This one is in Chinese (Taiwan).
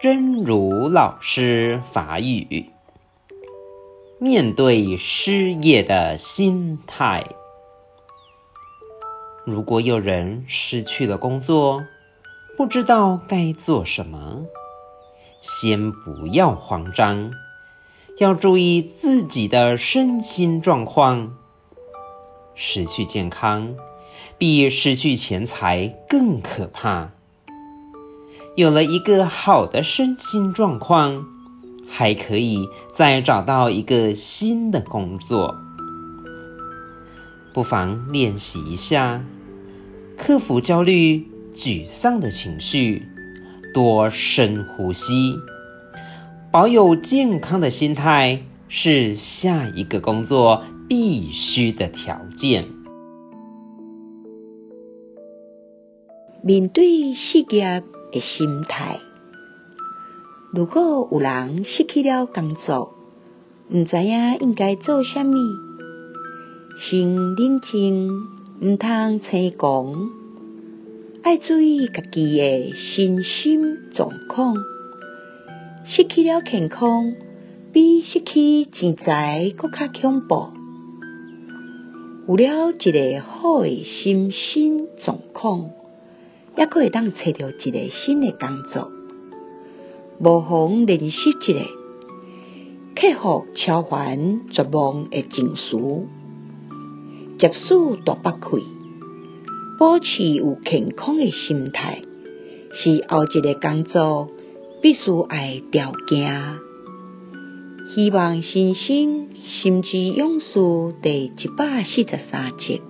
真如老師法語：面對失業的心態，如果有人失去了工作，不知道該做什麼，先不要慌張，要注意自己的身心狀況。失去健康，比失去錢財更可怕。有了一個好的身心狀況，還可以再找到一個新的工作。不妨練習一下，克服焦慮、沮喪的情緒，多深呼吸，保有健康的心態是下一個工作必須的條件。面對世界。的心態。如果有人失去了工作，毋知影應該做啥物，先冷靜，毋通青狂，愛注意家己誒身心狀況。失去了健康，比失去錢財閣較恐怖。有了一個好誒身心狀況。也會當找到一個新的工作，無妨練習一個克服焦慮、沮喪的情緒，多深呼吸，保持有健康的心態，是下一個工作必須愛條件。希望新生心之勇士第一百四十三集。